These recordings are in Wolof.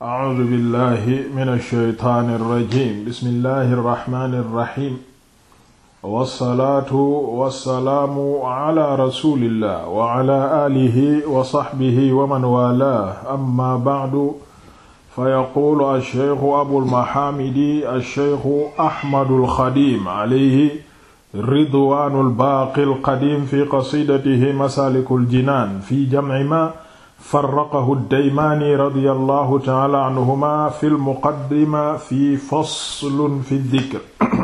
a'uuzu billahi mina shaytaani rajiim bismillahi rahmaani rahiim. wasalaatu wasalaamu ala rasulillah wa ala alihi wa saxbihi wa man waalaahu amma ba'du fa yaquulu asheykhu abul maxaamidi asheykhu ahmadul xadiim alayhi ridwaanul baaqil qadiim fi qasiidatihi masaalikul jinaan fi jamci maa farraqahu ad-Daymaani radiyallahu ta'ala anhuma fil muqaddima fi faslun fi dhikr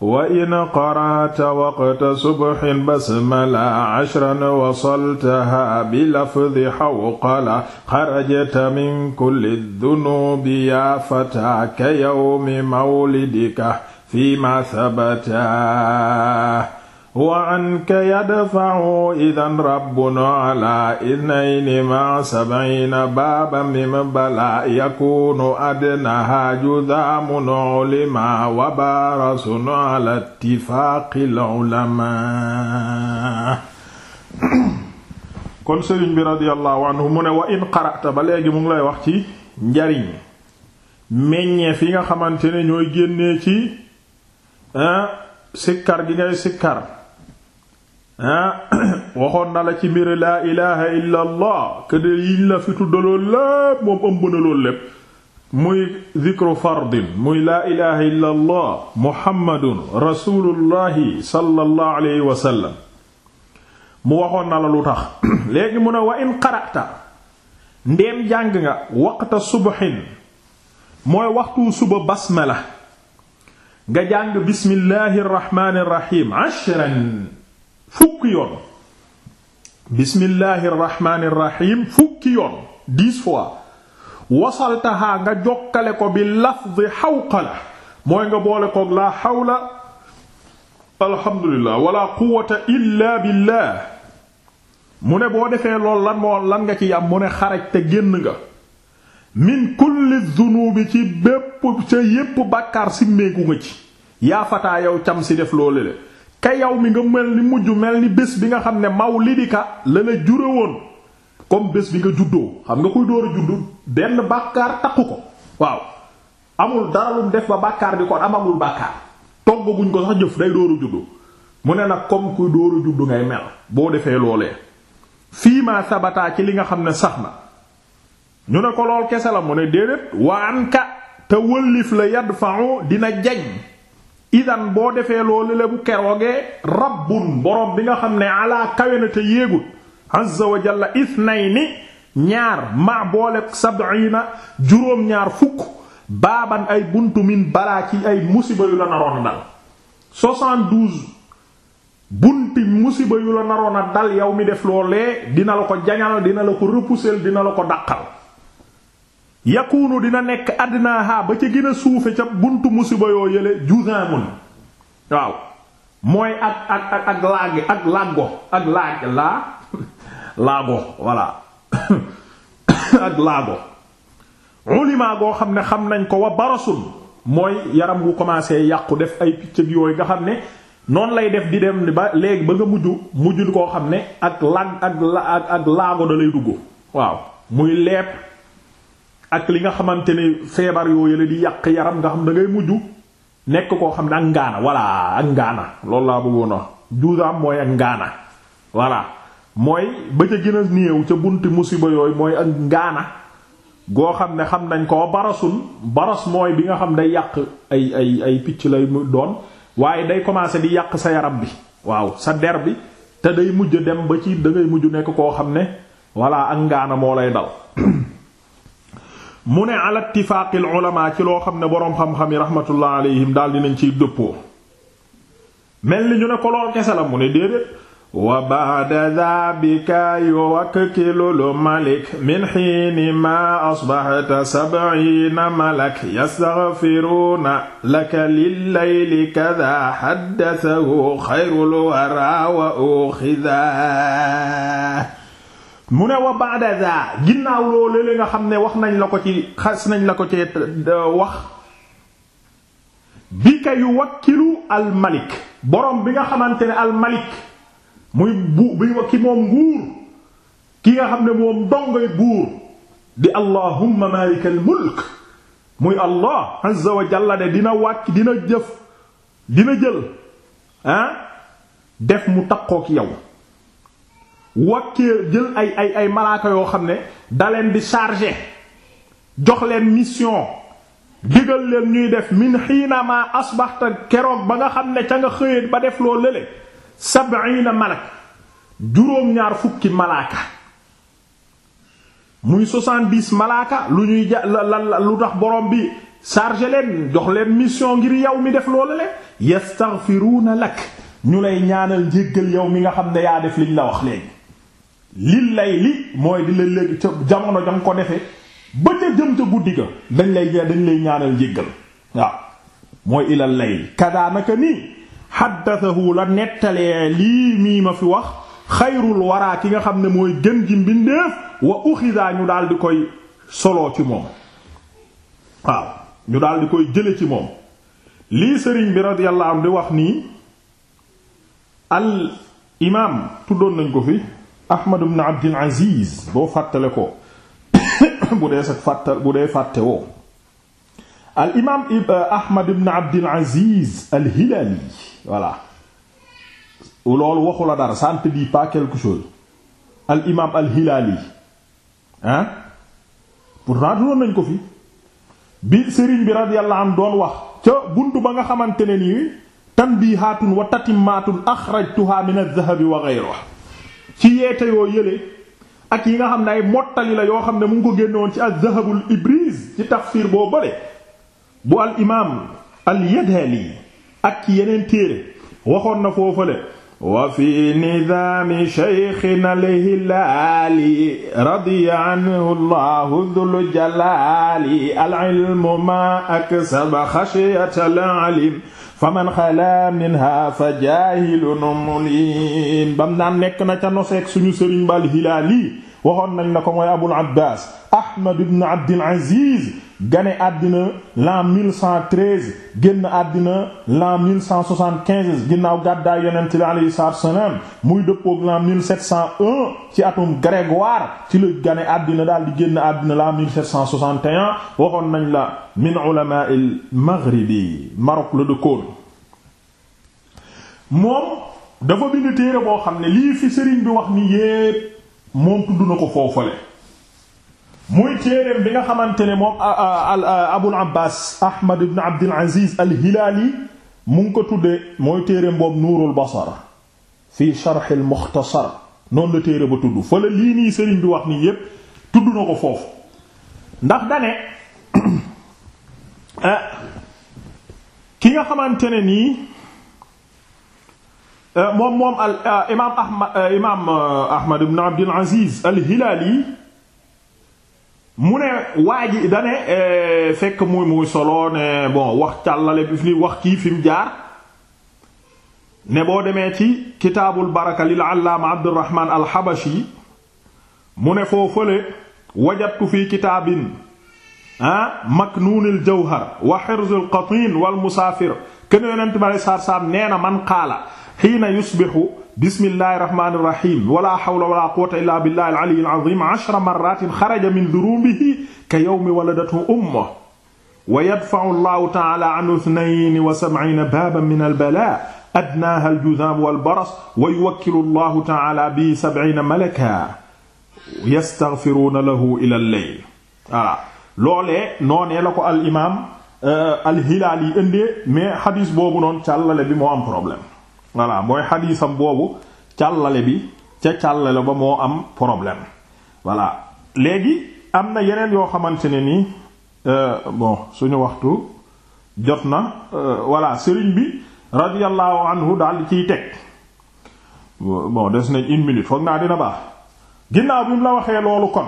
wa in qara'ta waqta subhin basmala ashran wasaltaha bi lafdhi hawqala kharajta min kulli dhunubi ya fata ka yawmi mawlidika fima thabata wa anka yadfa'u idan rabbuna ala inayni ma sab'ina baaba mim bala yakunu adnaha judhamun ulima wa barasun ala ittifaqil ulama kon sëriñ bi radiyallahu anhu mu ne wa in qara'ta ba léegi mu ngi lay wax ci njariñ meññeef yi nga xamante ne ñooy génnee ci ah, sikkar gi ngay sikkar Ah, waxoon na la ci mbir laa ilaha illa allah këdda yiñ la fi tuddaloolu lépp moom ëmb na loolu lépp muy zikru fardin muy laa ilaha illa allah muhammadun sallallahu alayhi wa mu waxoon na la lu tax léegi mu ne wa in qara'ta ndéem jàng nga waqta subhin mooy waxtu suba basmala nga jàng bismillaahir rahmaanir rahiim ashran fukki yoon bismillahir fukki yoon dix fois nga jokkale ko bi lafzi xawqala mooy nga boole koog laa xawla alhamdulillah wala quwwata illa billah mu ne boo defee lool lan moo lan nga ci yam mu ne xaraj te génn nga min kulli dunuubi ci bépp ca yépp bàkkaar simmeeku nga ci yaa fataa yow cam si def loolu le ka yow mi nga mel ni mujj mel ni bés bi nga xam ne mawlidika la la jure woon comme bés bi nga juddoo xam nga koy door juddu benn bàkkaar takku ko waaw amul dara lu def ba bàkkaar bi kon amagul amul bàkkaar toggaguñ ko sax jëf day door juddu mu ne nag comme kuy door juddu ngay mel boo defee loolee fii ma sabataa ci li nga xam ne sax na ñu ne ko lool kese la mu ne déedéet waan ka te wëllif la yadfa'u dina jañ idan boo defee loolu le bu keroogee rabbun borom bi nga xam ne alaa kawe na te yéegut azza wa jalla ithnayni ñaar ma boole sab'ina juróom-ñaar fukk baaban ay buntu min balaa ci ay musiba yu la naroon a dal 72 bunti musiba yu la naroon a dal yow mi def loolee dina la ko jañal dina la ko repousser dina la ko daqal yakunu dina nekk adnaaha ba ca gën a suufe ca buntu musiba yoo yële juzaamun waaw mooy ak ak ak ak ak laggo ak laag laa laago voilà ak laago ulima goo xam ne xam nañ ko wa barasun mooy yaram wu commencé yàqu def ay piccëg yooyu nga xam ne noonu lay def di dem ba léegi ba nga mujj mujjul koo xam ne ak lag ak la ak laago da lay dugg waaw muy lepp ak li nga xamante ne feebar yooyu la di yàq yaram nga xam da ngay mujj nekk koo xam ne ak ngaana walla ak ngaana loolu laa bëggoon a juusaam mooy ak ngaana mooy ba ca gën ca bunti musiba yooyu mooy ak ngaana goo xam ne xam nañ ko barasul baras mooy bi nga xam day yàq ay ay ay picc lay muy doon waaye day commencer di yàq sa yaram bi waaw sa der bi te day mujj dem ba ci da ngay mujj nekk koo xam ne walla ak ngaana moo lay dal mu ne ala ittifaaqil ulamaa ci loo xam ne boroom xam-xam yi rahmatullah alayhim daal dinañ ciy dëppoo mel ni ñu ne ko lool kese la mu ne déedéet wa ba'da dhabika yuwakkilul malik min hiini ma asbahta sab'iina malak yastaghfiruna laka lil-layli kadha haddathahu khayrul wara wa ukhidha mu ne wa ba'da za ginnaaw loolu li nga xam ne wax nañ la ko ci xas nañ la ko ci euh, wax bi ka yu wakkilu al borom bi nga xamante ne al malik muy bu bi ki moom nguur ki nga xam ne moom dongoy buur di allahumma malikal mulk muy allah azza wa jalla de dina wàcc dina jëf dina jël ah def mu takkook yow wakkee jël ay ay ay malaaka yoo xam ne daleen bi chargé jox leen mission digal leen ñuy def min xiina ma asbaxta keroog ba nga xam ne ca nga xëyét ba def loo lële sab'ina malak juróom-ñaar fukki malaaka muy 70 malaaka lu ñuy ja la la lu tax borom bi chargé leen jox leen mission ngir yow mi def loolu le yastaghfiruna lak ñu lay ñaanal jéggal yow mi nga xam ne yaa def liñ la wax léegi lil lay mooy di léegi ca jamono jam ko defee ba ca jëm ca guddi ga dañ lay dañ lay ñaanal njéggal waaw mooy ilal lay kadaanaka nii xaddasahu la nettalee lii mii ma fi wax xayrul waraa ki nga xam ne mooy gën ji mbindeef wa uxida ñu daal di koy soloo ci moom waaw ñu daal koy jële ci moom lii sëriñ bi radiyallahu anhu di wax nii al imaam tuddoon nañ ko fi Ahmad ibn Abdul Aziz boo fàttale ko bu dee sax fàttal bu dee fàtte woo al imaam Ahmad ibn Abdul Aziz al Hilali voilà loolu waxu la dara ça ne te dit pas quelque al imaam al Hilali ah pourtant doon nañ ko fi bi Serigne bi radiyallahu anhu doon wax ca bunt ba nga xamante ne nii tanbihaatun wa tatimmaatun axrajtuha min adh-dhahabi wa ghayrihi ci yeete yoo yële ak yi nga xam ne ay mottali yoo xam ne mu ngi ko génnewoon ci az-Zahabul Ibriz ci tafsir boo bële bu al imaam al-Yadhali ak ci yeneen téere waxoon na foofale wa fi nidaami sheykhina al-Hilaali radiya anhu Allahu dhul jalaali al-ilmu ma aksaba khashiyata al-alim faman xalaa minha fa jaahilun mulim bam naan nekk na ca noseeg suñu sëriñ bal hilaali waxoon nañ na ko mooy abul abbaas ahmad ibn abdil aziz gane àddina l'an 1113 génn àddina l'an 1175 ginnaaw gàddaay yonent bi alayhi salaatu wa salaam muy dëppoog l'an 1701 ci atum grégoire ci la gane àddina daal di génn àddina l'an 1761 waxoon nañ la min ulama al maghribi Maroc la dëkkoon moom dafa bind téere boo xam ne lii fi sëriñ bi wax ni yépp moom tudd na ko foofale muy téere bi nga xamante ne moom abul abbas ahmad ibn abdul aziz al hilaali mu ko tuddee mooy téereem boobu nuurul basar fi sharh al mukhtasar noonu la téere ba tudd fa la lii nii sëriñ bi wax nii yépp tudd ko foofu ndax dane eh, ki nga xamante ne nii eh, moom moom al eh, imaam ahmad imaam ahmad ibn abdul aziz al hilaali mu ne waa ji dane eh, fekk muy muy solo ne bon wax càllale bi fi wax kii fi mu jaar ne boo demee ci kitaabul baraka lil allaama abdurrahman alxabashi mu ne foo fële wajadtu fi kitaabin ah maknuunil jawhar wa xirzul qatin wal musaafir kenn yonent bi alei saatu salaam nee na man qaala xiina yusbixu bismillahi rahmaani rahiim wala hawla wala quwwata illaa billahi al-aliyyi al-aziim ashra marratin xaraja min duruubihi ka yawmi waladathu ummuhu wa yadfa'u Allahu ta'aala anhu ithnayni wa sab'iina baaban min al-balaa adnaahaa al-juzaam wal-baras wa yuwakkilu Allahu ta'aala bihi sab'iina malakan yastaghfiruuna lahu ilaa al-layl voilà loolee noonee la ko al imaam euh, al-Hilaali yi indee mais xadiis boobu noonu càllale bi moo am problème. voilà mooy xadiisam boobu càllale bi ca càllale ba moo am problème voilà léegi am na yeneen yoo xamante ne ni euh, bon suñu waxtu jot na euh, voilà sëriñ bi radiyallahu anhu daal ciy teg bon des nañ une minute foog naa dina baax ginnaaw bi mu la waxee loolu kon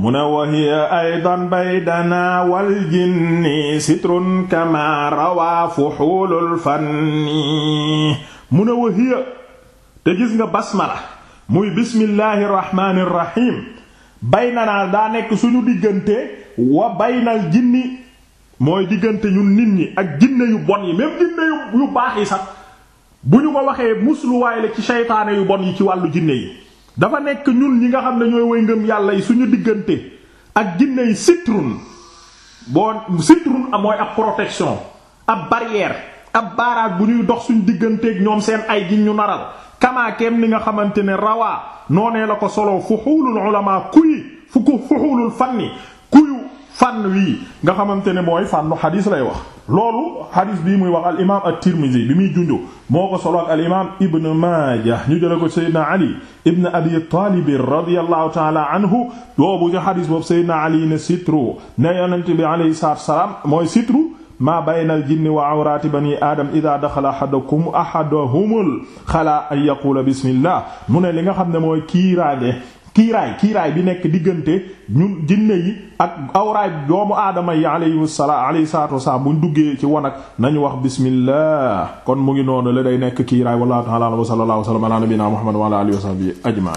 mu ne wa hiya aydan baydana wal jinni sitrun kama rawa fuxulul fanni mu ne wa te gis nga basmala muy bismillahi rahmaani rahim baynanaa daa nekk suñu diggante wa baynal jinni mooy diggante ñun nit ñi ak jinne yu bon yi même jinne yu baax yi sax bu ñu ko waxee musluwaay la ci seytaane yu bon yi ci wàllu jinne yi dafa nekk ñun ñi nga xam ne ñooy way ngëm yàlla yi suñu diggante ak jinne yi sitrun boo sitrun mooy ab protection ab barrière ab baaraag bu ñuy dox suñu digganteek ñoom seen ay gi ñu naral kamaakeem ni nga xamante ne rawaa noonee la ko solo fuxuulul ulama kuyi fu ko fuxuulul fanni kuyu fànn wii nga xamante ne mooy fànnu xadiis lay wax loolu xadiis bi muy wax al imaam at-Tirmidhi bi muy jundu moo ko solo ak al imaam Ibn Maaja ñu jëlee ko Seydina Ali Ibn Abi Taalib radiyallahu taala anhu boobu ci xadiis boobu Seydina Ali ne sitru ne yonent bi alayhi salaatu salaam mooy sitru ma bayna al jinni wa awraati bani aadam ida daxala ahadakum ahadahumul xalaa an yaqula bismillah mu ne li nga xam ne mooy kiiraage kiiraay kiiraay bi nekk diggante ñun jinne yi ak awraay doomu aadama yi alayhi salaam alayhi salaatu wasalaam buñ duggee ci wanag nañu wax bismillah kon mu ngi noonu la day nekk kiiraay wallahu ta'ala wa sallallahu wa sallama ala nabina muhammad wa ala alihi wa